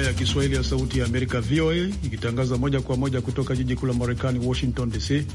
idhaa ya Kiswahili ya Sauti ya Amerika, VOA, ikitangaza moja kwa moja kutoka jiji kuu la Marekani, Washington DC.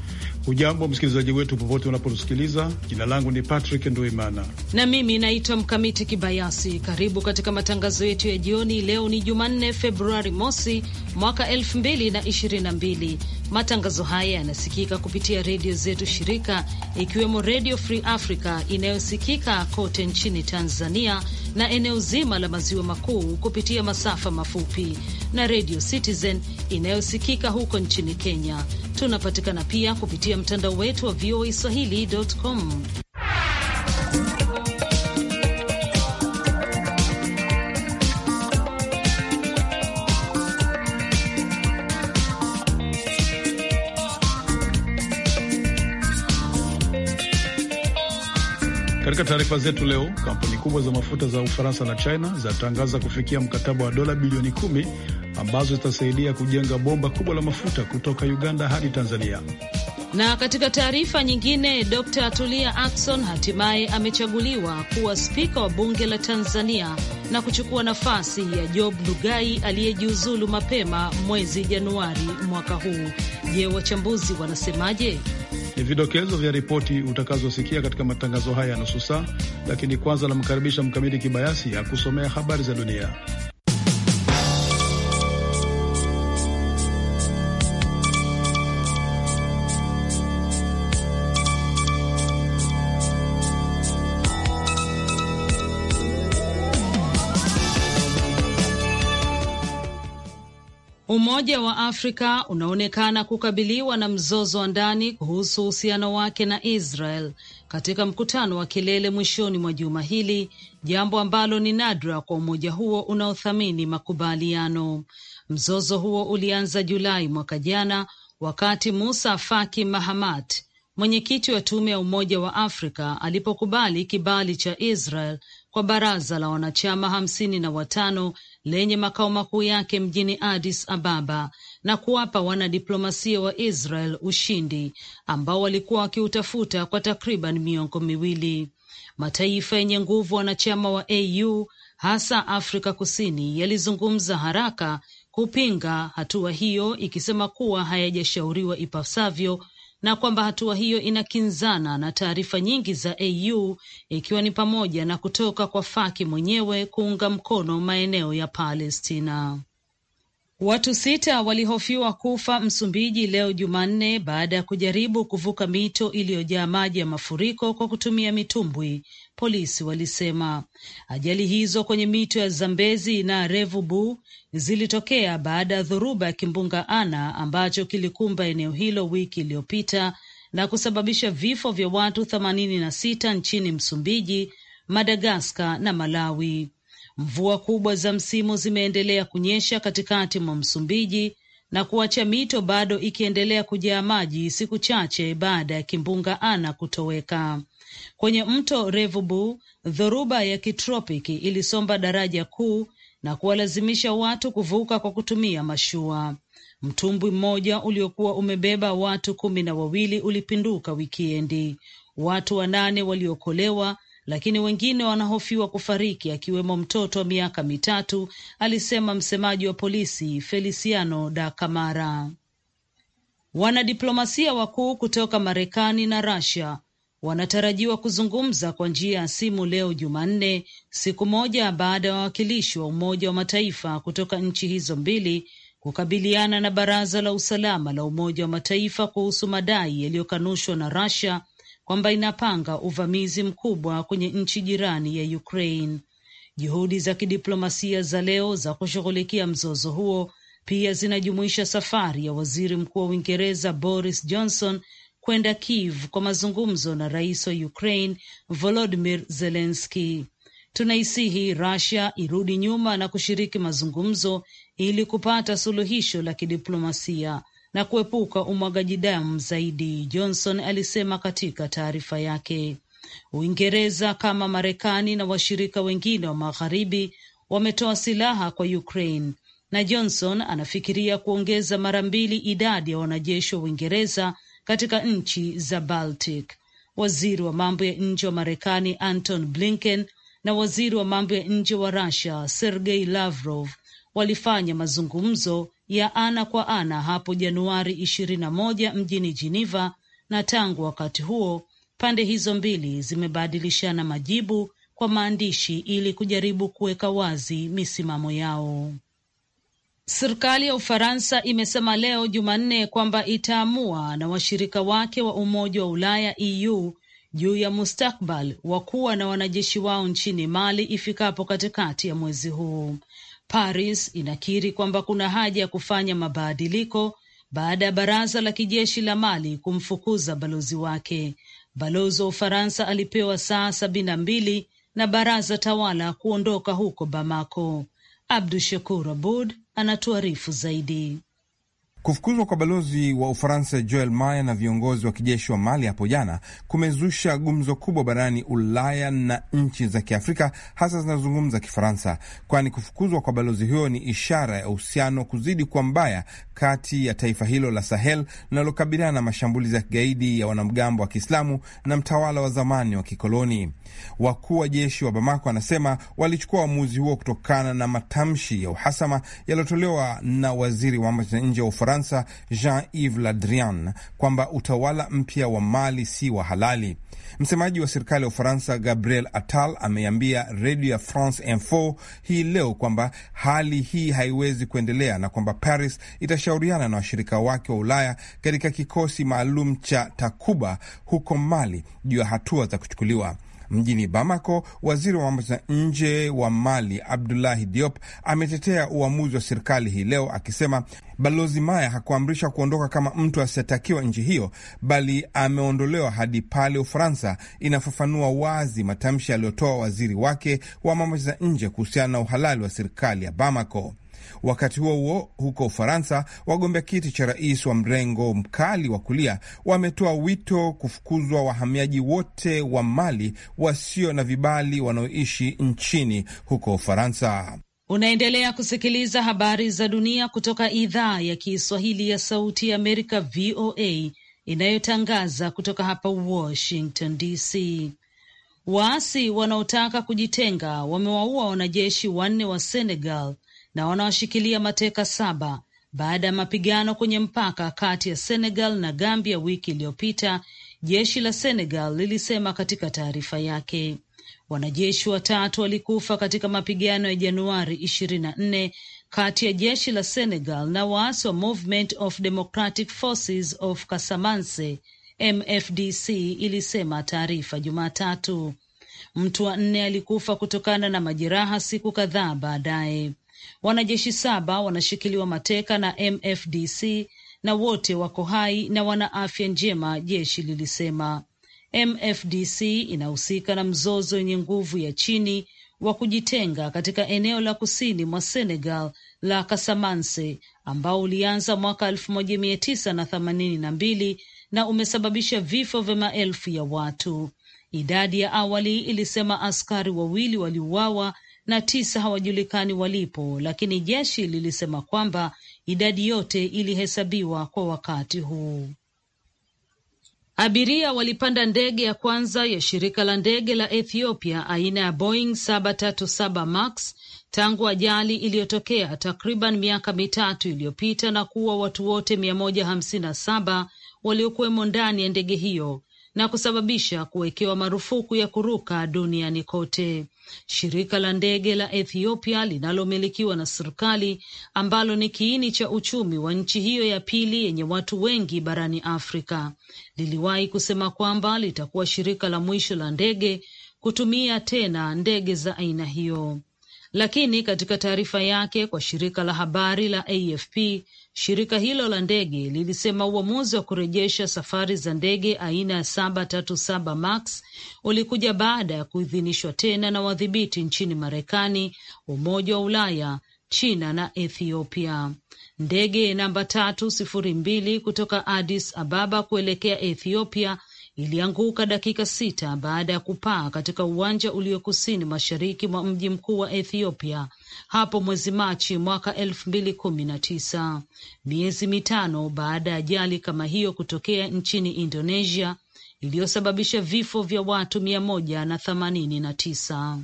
Hujambo msikilizaji wetu popote unapotusikiliza. Jina langu ni Patrick Nduimana na mimi naitwa Mkamiti Kibayasi. Karibu katika matangazo yetu ya jioni. Leo ni Jumanne, Februari mosi mwaka 2022. Matangazo haya yanasikika kupitia redio zetu shirika, ikiwemo Redio Free Africa inayosikika kote nchini Tanzania na eneo zima la maziwa makuu kupitia masafa mafupi na Redio Citizen inayosikika huko nchini Kenya. Tunapatikana pia kupitia mtandao wetu wa VOA swahili.com. Katika taarifa zetu leo, kampuni kubwa za mafuta za Ufaransa na China zatangaza kufikia mkataba wa dola bilioni kumi ambazo zitasaidia kujenga bomba kubwa la mafuta kutoka Uganda hadi Tanzania. Na katika taarifa nyingine, Dr. Tulia akson hatimaye amechaguliwa kuwa spika wa bunge la Tanzania na kuchukua nafasi ya Job Ndugai aliyejiuzulu mapema mwezi Januari mwaka huu. Je, wachambuzi wanasemaje? Ni vidokezo vya ripoti utakazosikia katika matangazo haya ya nusu saa, lakini kwanza namkaribisha Mkamiti Kibayasi akusomea kusomea habari za dunia. Umoja wa Afrika unaonekana kukabiliwa na mzozo wa ndani kuhusu uhusiano wake na Israel katika mkutano wa kilele mwishoni mwa juma hili, jambo ambalo ni nadra kwa umoja huo unaothamini makubaliano. Mzozo huo ulianza Julai mwaka jana wakati Musa Faki Mahamat, mwenyekiti wa tume ya Umoja wa Afrika, alipokubali kibali cha Israel kwa baraza la wanachama hamsini na watano lenye makao makuu yake mjini Addis Ababa na kuwapa wanadiplomasia wa Israel ushindi ambao walikuwa wakiutafuta kwa takriban miongo miwili. Mataifa yenye nguvu wanachama wa AU hasa Afrika Kusini yalizungumza haraka kupinga hatua hiyo, ikisema kuwa hayajashauriwa ipasavyo na kwamba hatua hiyo inakinzana na taarifa nyingi za AU ikiwa ni pamoja na kutoka kwa Faki mwenyewe kuunga mkono maeneo ya Palestina. Watu sita walihofiwa kufa Msumbiji leo Jumanne baada ya kujaribu kuvuka mito iliyojaa maji ya mafuriko kwa kutumia mitumbwi, polisi walisema. Ajali hizo kwenye mito ya Zambezi na Revubu zilitokea baada ya dhoruba ya kimbunga Ana ambacho kilikumba eneo hilo wiki iliyopita na kusababisha vifo vya watu themanini na sita nchini Msumbiji, Madagaskar na Malawi. Mvua kubwa za msimu zimeendelea kunyesha katikati mwa Msumbiji na kuacha mito bado ikiendelea kujaa maji siku chache baada ya kimbunga Ana kutoweka. Kwenye mto Revubu, dhoruba ya kitropiki ilisomba daraja kuu na kuwalazimisha watu kuvuka kwa kutumia mashua. Mtumbwi mmoja uliokuwa umebeba watu kumi na wawili ulipinduka wikiendi. Watu wanane waliokolewa lakini wengine wanahofiwa kufariki akiwemo mtoto wa miaka mitatu, alisema msemaji wa polisi Feliciano da Camara. Wanadiplomasia wakuu kutoka Marekani na rasia wanatarajiwa kuzungumza kwa njia ya simu leo Jumanne, siku moja baada ya wawakilishi wa Umoja wa Mataifa kutoka nchi hizo mbili kukabiliana na Baraza la Usalama la Umoja wa Mataifa kuhusu madai yaliyokanushwa na rasia kwamba inapanga uvamizi mkubwa kwenye nchi jirani ya Ukraine. Juhudi za kidiplomasia za leo za kushughulikia mzozo huo pia zinajumuisha safari ya waziri mkuu wa Uingereza Boris Johnson kwenda Kiev kwa mazungumzo na rais wa Ukraine volodimir zelenski Tunaisihi rasia irudi nyuma na kushiriki mazungumzo ili kupata suluhisho la kidiplomasia, na kuepuka umwagaji damu zaidi, Johnson alisema katika taarifa yake. Uingereza kama Marekani na washirika wengine wa magharibi wametoa silaha kwa Ukraine na Johnson anafikiria kuongeza mara mbili idadi ya wanajeshi wa Uingereza katika nchi za Baltic. Waziri wa mambo ya nje wa Marekani Anton Blinken na waziri wa mambo ya nje wa Russia Sergei Lavrov walifanya mazungumzo ya ana kwa ana hapo Januari ishirini na moja mjini Geneva, na tangu wakati huo pande hizo mbili zimebadilishana majibu kwa maandishi ili kujaribu kuweka wazi misimamo yao. Serikali ya Ufaransa imesema leo Jumanne kwamba itaamua na washirika wake wa Umoja wa Ulaya EU juu ya mustakbal wa kuwa na wanajeshi wao nchini Mali ifikapo katikati ya mwezi huu. Paris inakiri kwamba kuna haja ya kufanya mabadiliko baada ya baraza la kijeshi la Mali kumfukuza balozi wake. Balozi wa Ufaransa alipewa saa sabini na mbili na baraza tawala kuondoka huko Bamako. Abdu Shakur Abud anatuarifu zaidi. Kufukuzwa kwa balozi wa Ufaransa Joel Maya na viongozi wa kijeshi wa Mali hapo jana kumezusha gumzo kubwa barani Ulaya na nchi za Kiafrika, hasa zinazozungumza Kifaransa, kwani kufukuzwa kwa balozi huyo ni ishara ya uhusiano kuzidi kuwa mbaya kati ya taifa hilo la Sahel linalokabiliana na mashambulizi ya kigaidi ya wanamgambo wa Kiislamu na mtawala wa zamani wa kikoloni. Wakuu wa jeshi wa Bamako wanasema walichukua uamuzi huo kutokana na matamshi ya uhasama yaliyotolewa na waziri wa mambo ya nje wa Ufaransa Ufaransa Jean-Yves Le Drian kwamba utawala mpya wa Mali si wa halali. Msemaji wa serikali ya Ufaransa Gabriel Attal ameambia redio ya France Info hii leo kwamba hali hii haiwezi kuendelea na kwamba Paris itashauriana na washirika wake wa Ulaya katika kikosi maalum cha Takuba huko Mali juu ya hatua za kuchukuliwa. Mjini Bamako, waziri wa mambo za nje wa Mali Abdulahi Diop ametetea uamuzi wa serikali hii leo akisema Balozi Maya hakuamrishwa kuondoka kama mtu asiyetakiwa nchi hiyo, bali ameondolewa hadi pale Ufaransa inafafanua wazi matamshi aliyotoa waziri wake wa mambo za nje kuhusiana na uhalali wa serikali ya Bamako. Wakati huo huo, huko Ufaransa, wagombea kiti cha rais wa mrengo mkali wa kulia wametoa wito kufukuzwa wahamiaji wote wa Mali wasio na vibali wanaoishi nchini huko Ufaransa. Unaendelea kusikiliza habari za dunia kutoka idhaa ya Kiswahili ya Sauti ya Amerika, VOA, inayotangaza kutoka hapa Washington DC. Waasi wanaotaka kujitenga wamewaua wanajeshi wanne wa Senegal na wanawashikilia mateka saba baada ya mapigano kwenye mpaka kati ya Senegal na Gambia wiki iliyopita, jeshi la Senegal lilisema katika taarifa yake. Wanajeshi watatu walikufa katika mapigano ya Januari 24 kati ya jeshi la Senegal na waasi wa Movement of Democratic Forces of Casamance MFDC ilisema taarifa Jumatatu. Mtu wa nne alikufa kutokana na majeraha siku kadhaa baadaye. Wanajeshi saba wanashikiliwa mateka na MFDC na wote wako hai na wana afya njema, jeshi lilisema. MFDC inahusika na mzozo wenye nguvu ya chini wa kujitenga katika eneo la kusini mwa Senegal la Kasamanse ambao ulianza mwaka 1982 na umesababisha vifo vya maelfu ya watu. Idadi ya awali ilisema askari wawili waliuawa na tisa hawajulikani walipo, lakini jeshi lilisema kwamba idadi yote ilihesabiwa kwa wakati huu. Abiria walipanda ndege ya kwanza ya shirika la ndege la Ethiopia aina ya Boeing 737 Max tangu ajali iliyotokea takriban miaka mitatu iliyopita na kuwa watu wote 157 waliokuwemo ndani ya ndege hiyo na kusababisha kuwekewa marufuku ya kuruka duniani kote. Shirika la ndege la Ethiopia linalomilikiwa na serikali ambalo ni kiini cha uchumi wa nchi hiyo ya pili yenye watu wengi barani Afrika liliwahi kusema kwamba litakuwa shirika la mwisho la ndege kutumia tena ndege za aina hiyo. Lakini katika taarifa yake kwa shirika la habari la AFP, shirika hilo la ndege lilisema uamuzi wa kurejesha safari za ndege aina ya 737 Max ulikuja baada ya kuidhinishwa tena na wadhibiti nchini Marekani, Umoja wa Ulaya, China na Ethiopia. Ndege namba 302 kutoka Addis Ababa kuelekea Ethiopia ilianguka dakika sita baada ya kupaa katika uwanja ulio kusini mashariki mwa mji mkuu wa Ethiopia hapo mwezi Machi mwaka elfu mbili kumi na tisa, miezi mitano baada ya ajali kama hiyo kutokea nchini Indonesia iliyosababisha vifo vya watu mia moja na themanini na tisa.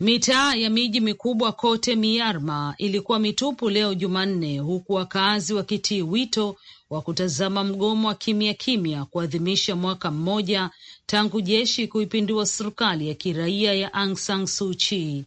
Mitaa ya miji mikubwa kote miarma ilikuwa mitupu leo Jumanne, huku wakazi wakitii wito wa kutazama mgomo wa kimya kimya kuadhimisha mwaka mmoja tangu jeshi kuipindua serikali ya kiraia ya Aung San Suu Kyi.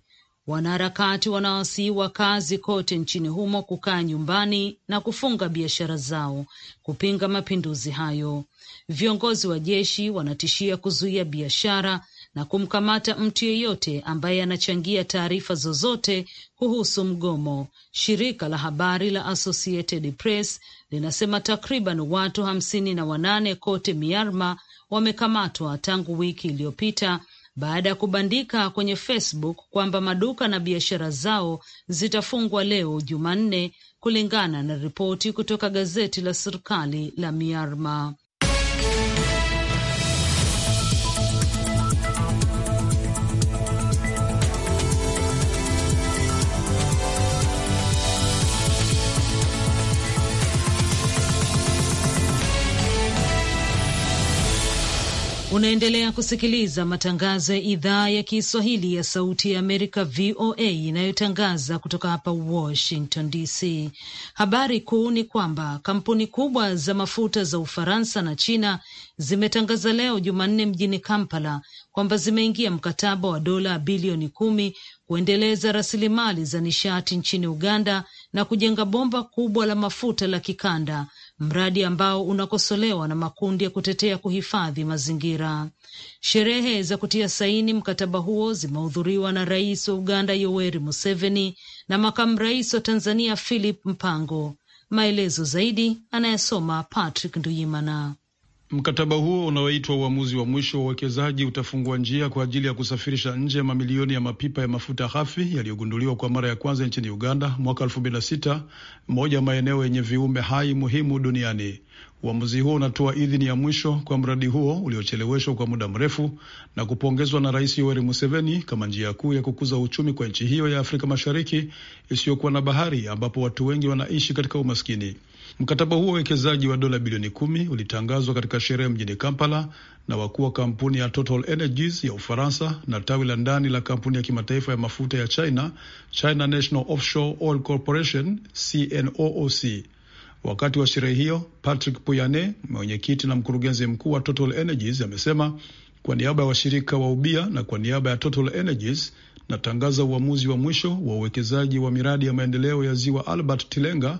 Wanaharakati wanawasihi wakazi kote nchini humo kukaa nyumbani na kufunga biashara zao kupinga mapinduzi hayo. Viongozi wa jeshi wanatishia kuzuia biashara na kumkamata mtu yeyote ambaye anachangia taarifa zozote kuhusu mgomo. Shirika la habari la Associated Press linasema takriban watu hamsini na wanane kote Myanmar wamekamatwa tangu wiki iliyopita baada ya kubandika kwenye Facebook kwamba maduka na biashara zao zitafungwa leo Jumanne, kulingana na ripoti kutoka gazeti la serikali la Myanmar. Unaendelea kusikiliza matangazo ya idhaa ya Kiswahili ya Sauti ya Amerika, VOA, inayotangaza kutoka hapa Washington DC. Habari kuu ni kwamba kampuni kubwa za mafuta za Ufaransa na China zimetangaza leo Jumanne mjini Kampala kwamba zimeingia mkataba wa dola bilioni kumi kuendeleza rasilimali za nishati nchini Uganda na kujenga bomba kubwa la mafuta la kikanda mradi ambao unakosolewa na makundi ya kutetea kuhifadhi mazingira. Sherehe za kutia saini mkataba huo zimehudhuriwa na Rais wa Uganda Yoweri Museveni na makamu rais wa Tanzania Philip Mpango. Maelezo zaidi anayesoma Patrick Nduyimana. Mkataba huo unaoitwa uamuzi wa mwisho wa uwekezaji utafungua njia kwa ajili ya kusafirisha nje ya mamilioni ya mapipa ya mafuta ghafi yaliyogunduliwa kwa mara ya kwanza nchini Uganda mwaka 2006, moja ya maeneo yenye viumbe hai muhimu duniani. Uamuzi huo unatoa idhini ya mwisho kwa mradi huo uliocheleweshwa kwa muda mrefu na kupongezwa na Rais Yoweri Museveni kama njia kuu ya kukuza uchumi kwa nchi hiyo ya Afrika Mashariki isiyokuwa na bahari, ambapo watu wengi wanaishi katika umaskini. Mkataba huo wa uwekezaji wa dola bilioni kumi ulitangazwa katika sherehe mjini Kampala na wakuu wa kampuni ya Total Energies ya Ufaransa na tawi la ndani la kampuni ya kimataifa ya mafuta ya China, China National Offshore Oil Corporation, CNOOC. Wakati wa sherehe hiyo, Patrick Puyane, mwenyekiti na mkurugenzi mkuu wa Total Energies, amesema kwa niaba ya washirika wa ubia na kwa niaba ya Total Energies natangaza uamuzi wa mwisho wa uwekezaji wa miradi ya maendeleo ya ziwa Albert Tilenga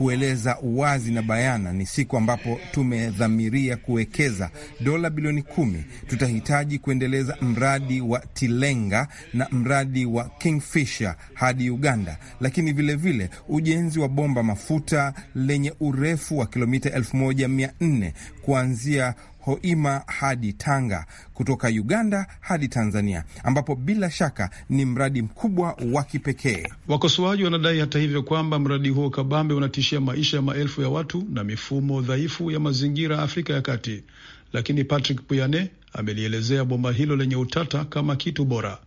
kueleza wazi na bayana ni siku ambapo tumedhamiria kuwekeza dola bilioni kumi. Tutahitaji kuendeleza mradi wa Tilenga na mradi wa Kingfisher hadi Uganda, lakini vilevile vile, ujenzi wa bomba mafuta lenye urefu wa kilomita 14 kuanzia Hoima hadi Tanga, kutoka Uganda hadi Tanzania, ambapo bila shaka ni mradi mkubwa wa kipekee. Wakosoaji wanadai hata hivyo kwamba mradi huo kabambe unatishia maisha ya maelfu ya watu na mifumo dhaifu ya mazingira Afrika ya Kati, lakini Patrick Puyane amelielezea bomba hilo lenye utata kama kitu bora.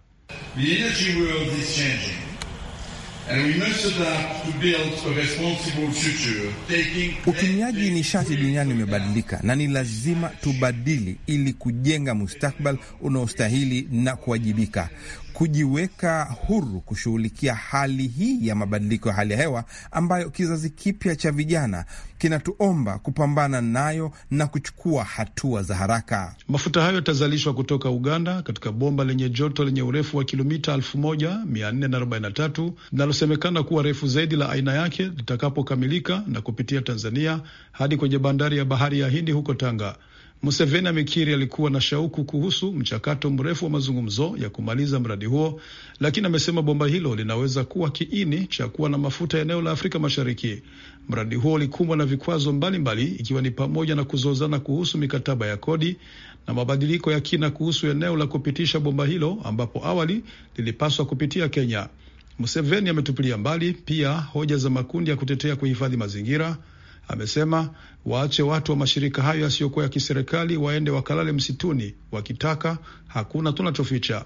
Utumiaji nishati duniani umebadilika na ni lazima tubadili ili kujenga mustakbal unaostahili na kuwajibika kujiweka huru kushughulikia hali hii ya mabadiliko ya hali ya hewa ambayo kizazi kipya cha vijana kinatuomba kupambana nayo na kuchukua hatua za haraka. Mafuta hayo yatazalishwa kutoka Uganda katika bomba lenye joto lenye urefu wa kilomita 1443 linalosemekana kuwa refu zaidi la aina yake litakapokamilika na kupitia Tanzania hadi kwenye bandari ya bahari ya Hindi huko Tanga. Museveni amekiri alikuwa na shauku kuhusu mchakato mrefu wa mazungumzo ya kumaliza mradi huo, lakini amesema bomba hilo linaweza kuwa kiini cha kuwa na mafuta eneo la Afrika Mashariki. Mradi huo ulikumbwa na vikwazo mbalimbali, ikiwa ni pamoja na kuzozana kuhusu mikataba ya kodi na mabadiliko ya kina kuhusu eneo la kupitisha bomba hilo, ambapo awali lilipaswa kupitia Kenya. Museveni ametupilia mbali pia hoja za makundi ya kutetea kuhifadhi mazingira amesema waache watu wa mashirika hayo yasiyokuwa ya kiserikali waende wakalale msituni wakitaka, hakuna tunachoficha.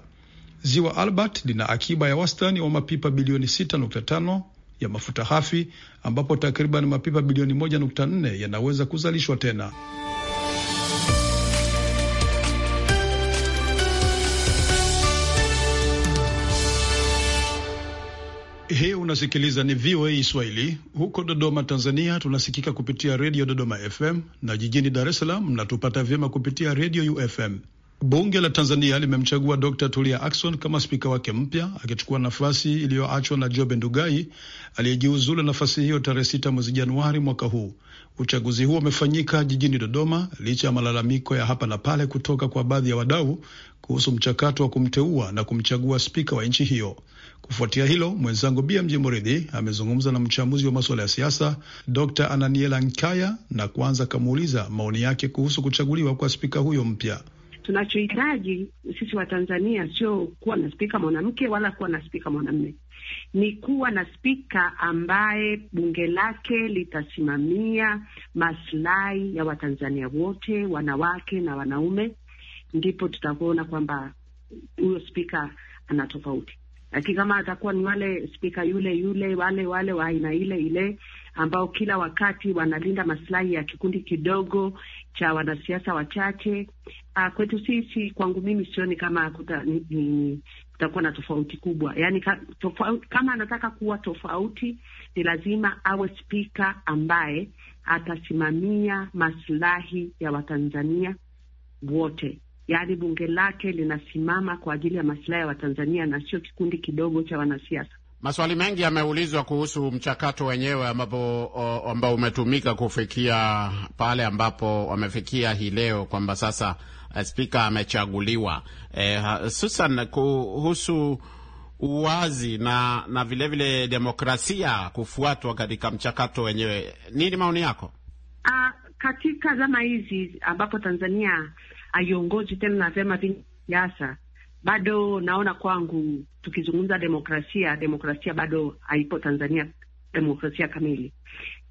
Ziwa Albert lina akiba ya wastani wa mapipa bilioni 6.5 ya mafuta hafi ambapo takriban mapipa bilioni 1.4 yanaweza kuzalishwa tena. Hii unasikiliza ni VOA Swahili. Huko Dodoma, Tanzania, tunasikika kupitia redio Dodoma FM na jijini Dar es Salaam mnatupata vyema kupitia redio UFM. Bunge la Tanzania limemchagua Dr Tulia Akson kama spika wake mpya, akichukua nafasi iliyoachwa na Jobe Ndugai aliyejiuzulu nafasi hiyo tarehe sita mwezi Januari mwaka huu. Uchaguzi huo umefanyika jijini Dodoma licha ya malalamiko ya hapa na pale kutoka kwa baadhi ya wadau kuhusu mchakato wa kumteua na kumchagua spika wa nchi hiyo. Kufuatia hilo, mwenzangu BMJ Muridhi amezungumza na mchambuzi wa masuala ya siasa Dr Ananiela Nkaya na kwanza akamuuliza maoni yake kuhusu kuchaguliwa kwa spika huyo mpya. Tunachohitaji sisi Watanzania sio kuwa na spika mwanamke wala kuwa na spika mwanamume, ni kuwa na spika ambaye bunge lake litasimamia maslahi ya Watanzania wote, wanawake na wanaume, ndipo tutakuona kwamba huyo spika ana tofauti. Lakini kama atakuwa ni wale spika yule yule, wale wale wa aina ile ile, ambao kila wakati wanalinda masilahi ya kikundi kidogo cha wanasiasa wachache, ah, kwetu sisi, kwangu mimi sioni kama kuta, ni, ni, kutakuwa na tofauti kubwa. Yani ka, tofauti, kama anataka kuwa tofauti ni lazima awe spika ambaye atasimamia masilahi ya Watanzania wote yaani bunge lake linasimama kwa ajili ya masilahi ya Watanzania na sio kikundi kidogo cha wanasiasa. Maswali mengi yameulizwa kuhusu mchakato wenyewe ambapo ambao umetumika kufikia pale ambapo wamefikia hii leo kwamba sasa eh, spika amechaguliwa. E, eh, hususan kuhusu uwazi na na vilevile vile demokrasia kufuatwa katika mchakato wenyewe, nini maoni yako? A, ah, katika zama hizi ambapo Tanzania haiongozi tena na vyama vingi siasa. Bado naona kwangu, tukizungumza demokrasia, demokrasia bado haipo Tanzania, demokrasia kamili.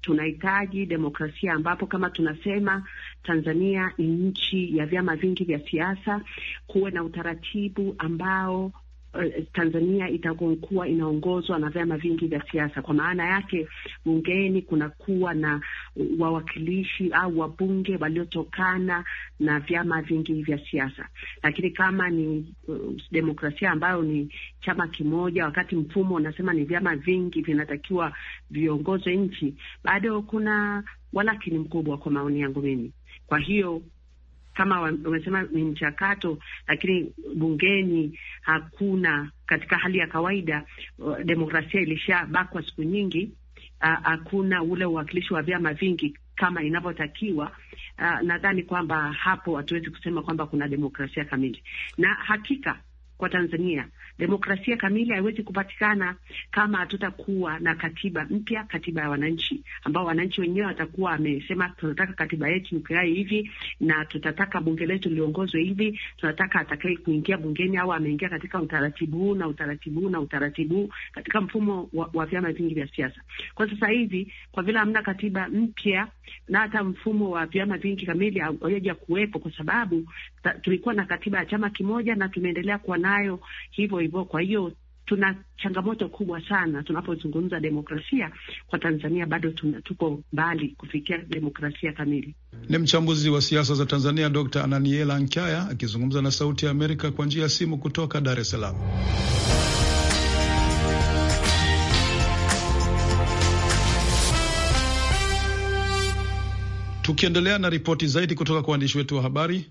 Tunahitaji demokrasia ambapo kama tunasema Tanzania ni nchi ya vyama vingi vya siasa, kuwe na utaratibu ambao Eh, Tanzania itakuwa inaongozwa na vyama vingi vya siasa. Kwa maana yake, bungeni kunakuwa na wawakilishi au wabunge waliotokana na vyama vingi vya siasa, lakini kama ni uh, demokrasia ambayo ni chama kimoja, wakati mfumo unasema ni vyama vingi vinatakiwa viongoze nchi, bado kuna walakini mkubwa, kwa maoni yangu mimi. Kwa hiyo kama wamesema ni mchakato, lakini bungeni hakuna. Katika hali ya kawaida uh, demokrasia ilishabakwa siku nyingi, uh, hakuna ule uwakilishi wa vyama vingi kama inavyotakiwa. Uh, nadhani kwamba hapo hatuwezi kusema kwamba kuna demokrasia kamili, na hakika kwa Tanzania Demokrasia kamili haiwezi kupatikana kama hatutakuwa na katiba mpya, katiba ya wananchi, ambao wananchi wenyewe watakuwa wamesema, tunataka katiba yetu ikae hivi na tutataka bunge letu liongozwe hivi, tunataka atakae kuingia bungeni au ameingia katika utaratibu huu na utaratibu huu na utaratibu huu katika mfumo wa, wa vyama vingi vya siasa. Kwa sasa hivi, kwa vile hamna katiba mpya na hata mfumo wa vyama vingi kamili haujaja kuwepo, kwa sababu tulikuwa na katiba ya chama kimoja na tumeendelea kuwa nayo hivyo hivyo, kwa hiyo tuna changamoto kubwa sana tunapozungumza demokrasia kwa Tanzania, bado tuna, tuko mbali kufikia demokrasia kamili. Ni mchambuzi wa siasa za Tanzania Dr. Ananiela Nkyaya akizungumza na Sauti ya Amerika kwa njia ya simu kutoka Dar es Salaam. Tukiendelea na ripoti zaidi kutoka kwa waandishi wetu wa habari.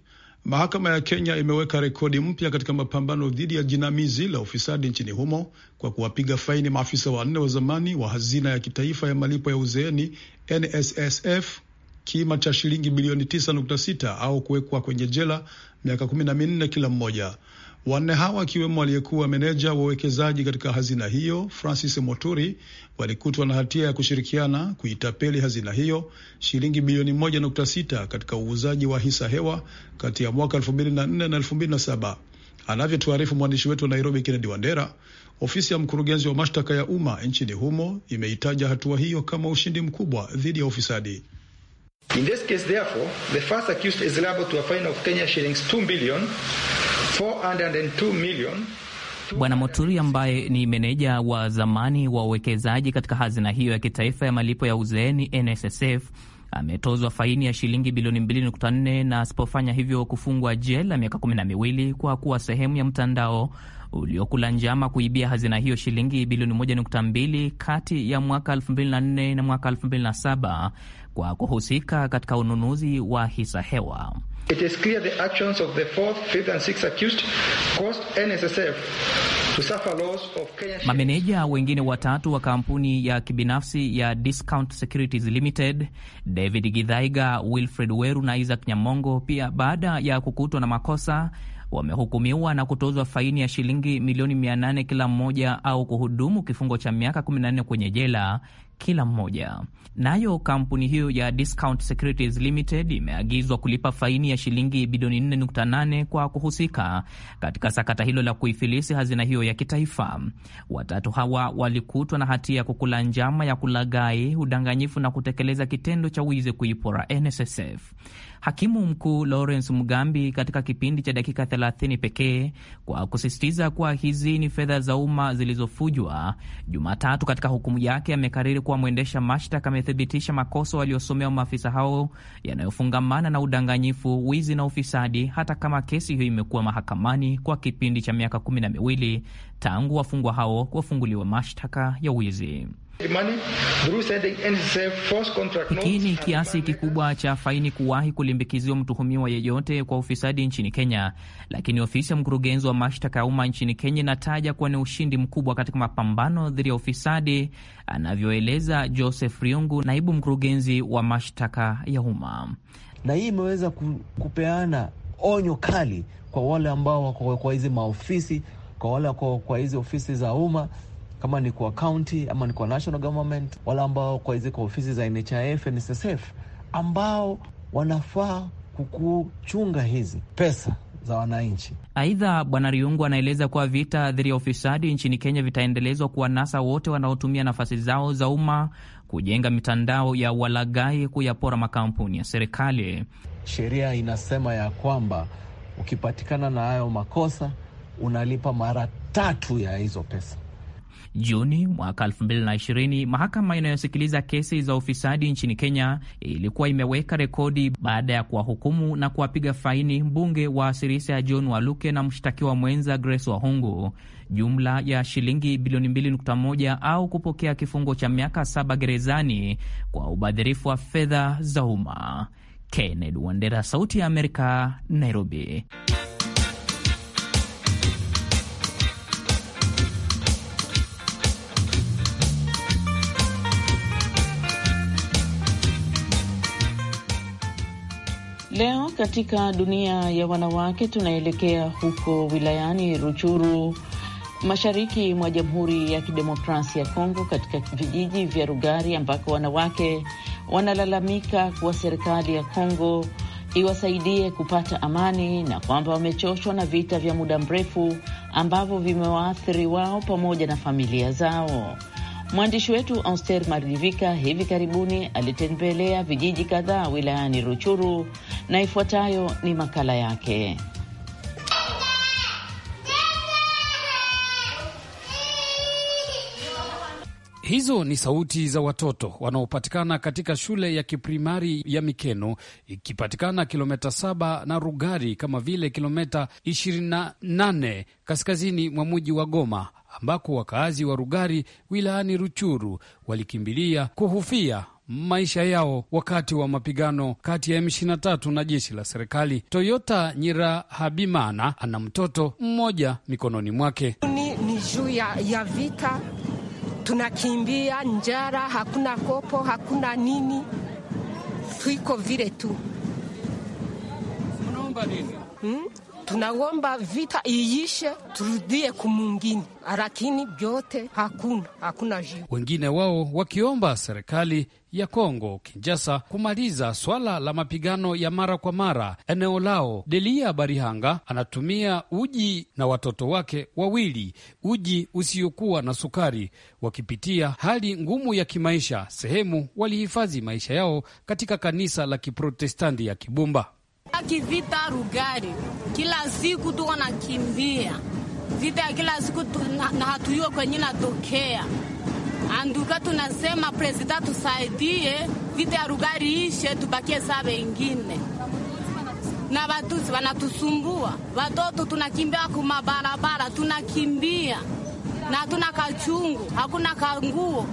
Mahakama ya Kenya imeweka rekodi mpya katika mapambano dhidi ya jinamizi la ufisadi nchini humo kwa kuwapiga faini maafisa wanne wa zamani wa hazina ya kitaifa ya malipo ya uzeeni NSSF kima cha shilingi bilioni 9.6 au kuwekwa kwenye jela miaka 14 kila mmoja. Wanne hawa akiwemo aliyekuwa meneja wa uwekezaji katika hazina hiyo Francis Moturi walikutwa na hatia ya kushirikiana kuitapeli hazina hiyo shilingi bilioni 1.6 katika uuzaji wa hisa hewa kati ya mwaka 2004 na 2007. Anavyotuarifu mwandishi wetu wa Nairobi, Kennedy Wandera. Ofisi ya mkurugenzi wa mashtaka ya umma nchini humo imeitaja hatua hiyo kama ushindi mkubwa dhidi ya ufisadi. In this case, therefore, the first accused is liable to a fine of Kenya shillings 2 billion Bwana Moturi ambaye ni meneja wa zamani wa uwekezaji katika hazina hiyo ya kitaifa ya malipo ya uzeeni NSSF ametozwa faini ya shilingi bilioni 2.4 na asipofanya hivyo kufungwa jela miaka kumi na miwili kwa kuwa sehemu ya mtandao uliokula njama kuibia hazina hiyo shilingi bilioni 1.2 kati ya mwaka 2004 na mwaka 2007 kwa kuhusika katika ununuzi wa hisa hewa. It is clear the actions of the fourth, fifth and sixth accused caused NSSF to suffer loss of Kenya. Mameneja wengine watatu wa kampuni ya kibinafsi ya Discount Securities Limited, David Githaiga, Wilfred Weru na Isaac Nyamongo pia baada ya kukutwa na makosa wamehukumiwa na kutozwa faini ya shilingi milioni 800 kila mmoja au kuhudumu kifungo cha miaka 14 kwenye jela kila mmoja. Nayo kampuni hiyo ya Discount Securities Limited imeagizwa kulipa faini ya shilingi bilioni 4.8 kwa kuhusika katika sakata hilo la kuifilisi hazina hiyo ya kitaifa. Watatu hawa walikutwa na hatia ya kukula njama ya kulagai udanganyifu na kutekeleza kitendo cha wizi kuipora NSSF hakimu mkuu Lawrence Mugambi katika kipindi cha dakika 30 pekee kwa kusisitiza kuwa hizi ni fedha za umma zilizofujwa. Jumatatu, katika hukumu yake, amekariri kuwa mwendesha mashtaka amethibitisha makosa waliosomewa maafisa hao yanayofungamana na udanganyifu, wizi na ufisadi, hata kama kesi hiyo imekuwa mahakamani kwa kipindi cha miaka kumi na miwili tangu wafungwa hao kuwafunguliwa mashtaka ya wizi. Hiki ni kiasi kikubwa cha faini kuwahi kulimbikiziwa mtuhumiwa yeyote kwa ufisadi nchini Kenya, lakini ofisi ya mkurugenzi wa mashtaka ya umma nchini Kenya inataja kuwa ni ushindi mkubwa katika mapambano dhidi ya ufisadi, anavyoeleza Joseph Riungu, naibu mkurugenzi wa mashtaka ya umma. Na hii imeweza kupeana onyo kali kwa wale ambao wako kwa hizi maofisi, kwa wale wako kwa hizi ofisi za umma kama ni kwa county ama ni kwa national government, wala ambao kwa hizi kwa ofisi za NHIF, NSSF ambao wanafaa kukuchunga hizi pesa za wananchi. Aidha, Bwana Riungu anaeleza kuwa vita dhidi ya ufisadi nchini Kenya vitaendelezwa kuwanasa wote wanaotumia nafasi zao za umma kujenga mitandao ya walagai kuyapora makampuni ya serikali. Sheria inasema ya kwamba ukipatikana na hayo makosa unalipa mara tatu ya hizo pesa. Juni mwaka 2020 mahakama inayosikiliza kesi za ufisadi nchini Kenya ilikuwa imeweka rekodi baada ya kuwahukumu na kuwapiga faini mbunge wa Sirisia John Waluke na mshtakiwa mwenza Grace Wahungu jumla ya shilingi bilioni 2.1 au kupokea kifungo cha miaka saba gerezani kwa ubadhirifu wa fedha za umma. Kennedy Wandera, Sauti ya Amerika, Nairobi. Leo katika dunia ya wanawake tunaelekea huko wilayani Ruchuru mashariki mwa Jamhuri ya Kidemokrasia ya Kongo, katika vijiji vya Rugari ambako wanawake wanalalamika kuwa serikali ya Kongo iwasaidie kupata amani na kwamba wamechoshwa na vita vya muda mrefu ambavyo vimewaathiri wao pamoja na familia zao. Mwandishi wetu Auster Marivika hivi karibuni alitembelea vijiji kadhaa wilayani Ruchuru na ifuatayo ni makala yake. Hizo ni sauti za watoto wanaopatikana katika shule ya kiprimari ya Mikeno ikipatikana kilomita saba na Rugari kama vile kilomita 28 kaskazini mwa mji wa Goma ambako wakaazi wa Rugari wilayani Ruchuru walikimbilia kuhufia maisha yao wakati wa mapigano kati ya M23 na jeshi la serikali. Toyota Nyirahabimana ana mtoto mmoja mikononi mwake. Ni, ni juu ya, ya vita, tunakimbia njara, hakuna kopo, hakuna nini, tuiko vile tu. Unaomba nini? Hmm? Tunaomba vita iishe, turudie kumungini, lakini vyote hakuna, hakuna jibu. Wengine wao wakiomba serikali ya Kongo Kinjasa kumaliza swala la mapigano ya mara kwa mara eneo lao. Delia Barihanga anatumia uji na watoto wake wawili, uji usiokuwa na sukari, wakipitia hali ngumu ya kimaisha. Sehemu walihifadhi maisha yao katika kanisa la Kiprotestanti ya Kibumba akivita Rugari, kila siku tuko kimbia vita ya kila siku na, na hatuyuwe kwenye natokea anduka. Tunasema presida tusaidie vita ya Rugari ishe, tubakie saa wengine na Batusi wanatusumbua watoto, tunakimbia kumabarabara, tunakimbia na hatuna kachungu, hakuna kanguo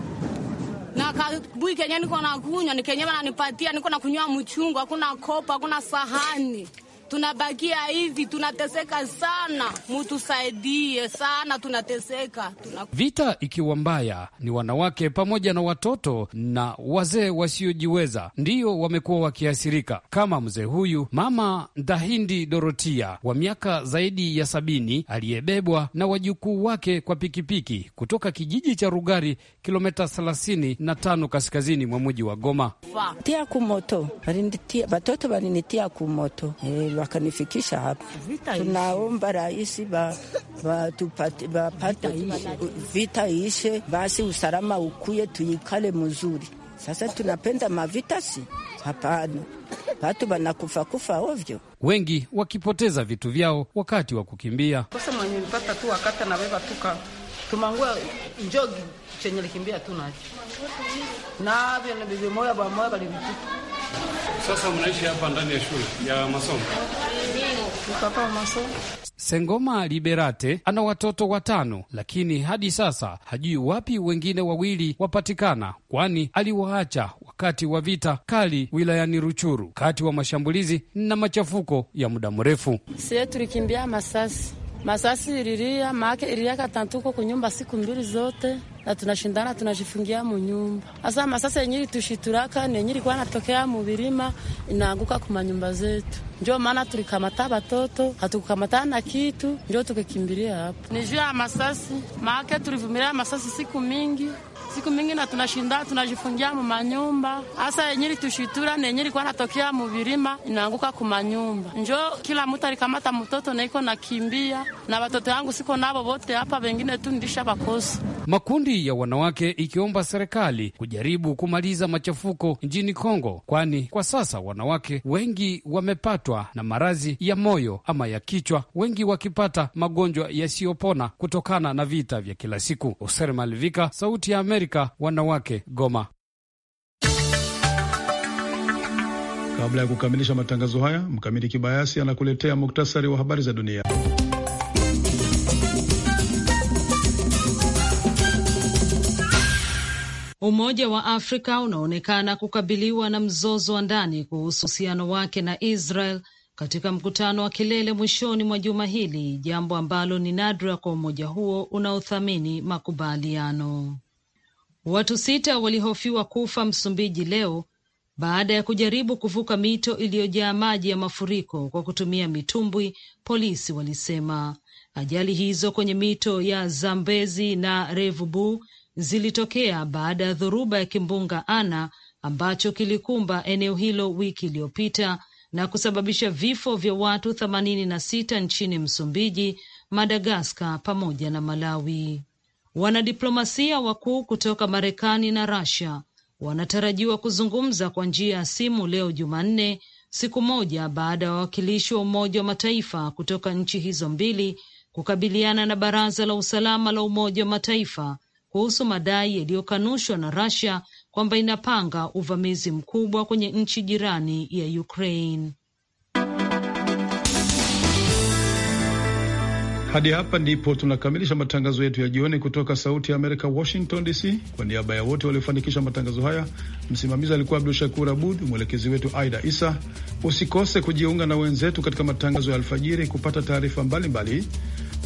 na kabui kenye niko nakunywa ni kenye wananipatia, niko nakunywa mchungu, hakuna kopa, hakuna sahani tunabakia hivi, tunateseka sana, mutusaidie sana, tunateseka tuna... Vita ikiwa mbaya, ni wanawake pamoja na watoto na wazee wasiojiweza ndiyo wamekuwa wakiathirika, kama mzee huyu Mama Ndahindi Dorotia wa miaka zaidi ya sabini aliyebebwa na wajukuu wake kwa pikipiki kutoka kijiji cha Rugari, kilomita thelathini na tano kaskazini mwa muji wa Goma. Tia kumoto, kumoto eh, wakanifikisha hapa. Tunaomba rais wapate ba, ba, vita ishe, basi usalama ukuye, tuikale mzuri. Sasa tunapenda mavitasi? Hapana, watu wanakufa kufa ovyo, wengi wakipoteza vitu vyao wakati wa kukimbia. Kosa mwenye nipata tu wakata na tuka tumangua njogi chenye likimbia tu nacho navyo na bibi moya bamoya balivitutu sasa mnaishi hapa ndani ya shule ya masomo? Sengoma Liberate ana watoto watano, lakini hadi sasa hajui wapi wengine wawili wapatikana, kwani aliwaacha wakati wa vita kali wilayani Ruchuru, kati wa mashambulizi na machafuko ya muda mrefu. Sie tulikimbia masasi masasi ililia, maake ililia katantuko kunyumba siku mbili zote na tunashindana tunajifungia munyumba. Sasa masasi yenye tushituraka ni yenye ilikuwa natokea muvilima inaanguka nyumba zetu, njo maana tulikamata batoto, hatukukamata na kitu, njo tukikimbilia hapo. Ni juu ya masasi, maake tulivumilia masasi siku mingi siku mingi na tunashinda tunajifungia mumanyumba, hasa yenyiri tushitura na yenyiri kwa natokea muvilima inaanguka kumanyumba, njo kila mtu alikamata mtoto na nakimbia na watoto yangu siko nabo bote hapa, wengine tu ndisha vakosa. Makundi ya wanawake ikiomba serikali kujaribu kumaliza machafuko nchini Kongo, kwani kwa sasa wanawake wengi wamepatwa na marazi ya moyo ama ya kichwa, wengi wakipata magonjwa yasiyopona kutokana na vita vya kila siku. Oser Malivika, Sauti ya Amerika. Amerika wanawake Goma. Kabla ya kukamilisha matangazo haya, Mkamiti Kibayasi anakuletea muktasari wa habari za dunia. Umoja wa Afrika unaonekana kukabiliwa na mzozo wa ndani kuhusu uhusiano wake na Israel katika mkutano wa kilele mwishoni mwa juma hili, jambo ambalo ni nadra kwa umoja huo unaothamini makubaliano. Watu sita walihofiwa kufa Msumbiji leo baada ya kujaribu kuvuka mito iliyojaa maji ya mafuriko kwa kutumia mitumbwi, polisi walisema. Ajali hizo kwenye mito ya Zambezi na Revubu zilitokea baada ya dhoruba ya kimbunga Ana ambacho kilikumba eneo hilo wiki iliyopita na kusababisha vifo vya watu themanini na sita nchini Msumbiji, Madagaskar pamoja na Malawi. Wanadiplomasia wakuu kutoka Marekani na rasia wanatarajiwa kuzungumza kwa njia ya simu leo Jumanne, siku moja baada ya wawakilishi wa Umoja wa Mataifa kutoka nchi hizo mbili kukabiliana na Baraza la Usalama la Umoja wa Mataifa kuhusu madai yaliyokanushwa na rasia kwamba inapanga uvamizi mkubwa kwenye nchi jirani ya Ukraine. Hadi hapa ndipo tunakamilisha matangazo yetu ya jioni kutoka Sauti ya Amerika, Washington DC. Kwa niaba ya wote waliofanikisha matangazo haya, msimamizi alikuwa Abdu Shakur Abud, mwelekezi wetu Aida Isa. Usikose kujiunga na wenzetu katika matangazo ya alfajiri kupata taarifa mbalimbali.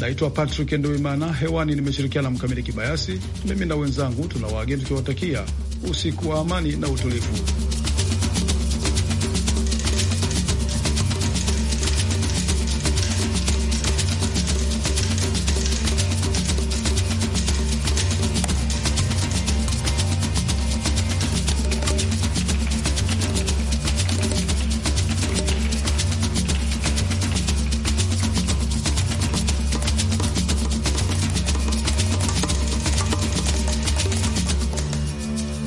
Naitwa Patrick Nduimana, hewani nimeshirikiana na Mkamili Kibayasi. Mimi na wenzangu tuna waageni tukiwatakia usiku wa amani na utulivu.